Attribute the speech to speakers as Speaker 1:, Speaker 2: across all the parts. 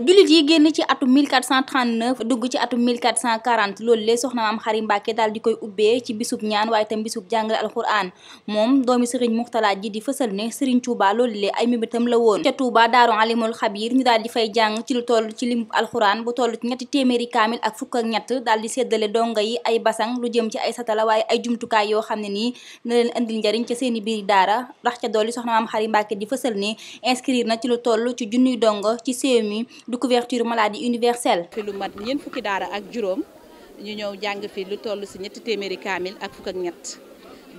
Speaker 1: jullit yi génn ci atum 1439 dugg ci atum 1440 loolu lee soxna maam xari Mbàkke daal di koy ubbee ci bisub ñaan waaye tam bisub jàngale alxuraan moom doomi sëriñ Muxtala ji di fësal ne sëriñ Touba loolu lee ay mibitam la woon ca Touba daaru alimul xabir ñu daal di fay jàng ci lu toll ci lim alxuraan bu toll ci ñetti téeméeri kaamil ak fukk ak ñett daal di seddale dongo yi ay basang lu jëm ci ay satala waaye ay jumtukaay yoo xam ne nii na leen indil ca seeni biir daara rax ca dolli soxna maam xari Mbàkke di fësal ne inscrire na ci lu toll ci junniy dongo ci séem yi du couverture maladie universelle. fi lu mat ñeent fukki daara ak juróom ñu ñëw jàng fi lu
Speaker 2: toll si ñetti téeméeri kaamil ak fukk ak ñett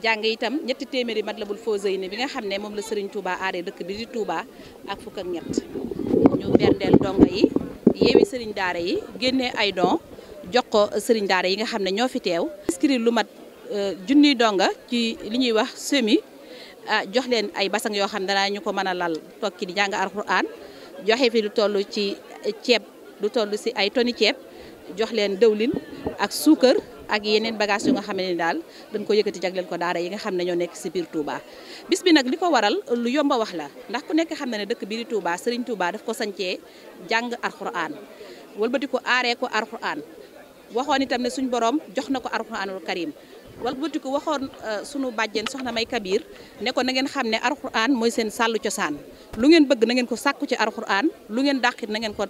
Speaker 2: jàng itam ñetti téeméeri Matlabul Fawzayni bi nga xam ne moom la Serigne Touba aaree dëkk bi di Touba ak fukk ak ñett ñu berndeel dongo yi yeewi Serigne daara yi génne ay don jox ko Serigne daara yi nga xam ne ñoo fi teew. inscrire lu mat euh, junniy donga ci li ñuy wax semi ah, jox leen ay basang yoo xam ne danaa ñu ko mën a lal tokki di jàng alxuraan joxe fi lu toll ci ceeb du toll si ay toni ceeb jox leen dëwlin ak suukar ak yeneen bagage yu nga xam ne daal dañ ko yëkkati jagleel ko daara yi nga xam ne ñoo nekk si biir Touba. bis bi nag li ko waral lu yomba wax la ndax ku nekk xam na ne dëkk bii di Touba Serigne Touba daf ko sañcee jàng alxuraan walbati ko aaree ko alxuraan waxoon itam ne suñ borom jox na ko alxuraanul karim walbati ko waxoon euh, sunu bàjjen soxna May Kabir ne ko na ngeen xam ne alxuraan mooy seen sàllu cosaan. lu ngeen bëgg nangeen ngeen ko sàkku ci alxuraan lu ngeen dàqit na ngeen ko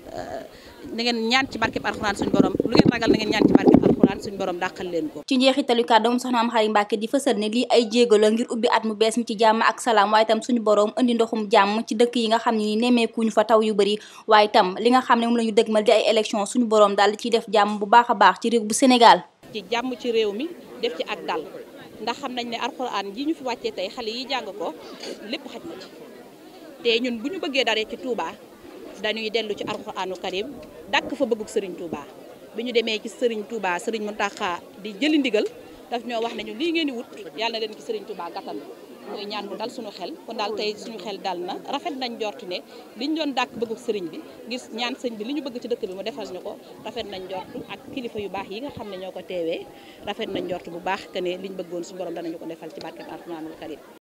Speaker 1: na ngeen ñaan ci barkeb alxuraan suñu borom lu ngeen ragal na ngeen ñaan ci barkeb alxuraan suñu borom dàqal leen ko ci njeexitalu kàddoom soxna am xari Mbàkke di fësal ne lii ay jéego la ngir ubbi at mu bees mi ci jàmm ak salaam waaye itam suñu borom indi ndoxum jàmm ci dëkk yi nga xam ne ni nemmeekuñu fa taw yu bëri waaye tam li nga xam ne moom la ñu ma di ay élection suñu borom daal ciy def jàmm bu baax a baax ci réew bu Sénégal
Speaker 2: jàmm ci réew mi def ci ak dal ndax xam nañ ne alxuraan ji ñu fi wàccee tey xale yi jàng ko lépp xaj te ñun bu ñu bëggee dara ci Touba dañuy dellu ci alxuraanu karim dàkk fa bëggug Serigne Touba bi ñu demee ci Serigne Touba Serigne Mountakha di jëli ndigal daf ñoo wax nañu ñu ngeen di wut yàlla leen ci Serigne Touba gàttal mooy ñaan bu dal suñu xel kon daal tey suñu xel dal na rafet nañ jortu ne li ñu doon dàkk bëggub sëriñ bi gis ñaan sëñ bi li ñu bëgg ci dëkk bi mu defal ñu ko rafet nañ jortu ak kilifa yu baax yi nga xam ne ñoo ko teewee rafet nañ jortu bu baax que ne liñ bëggoon suñu borom danañu ko defal ci barkeb Alxuraanul Kariim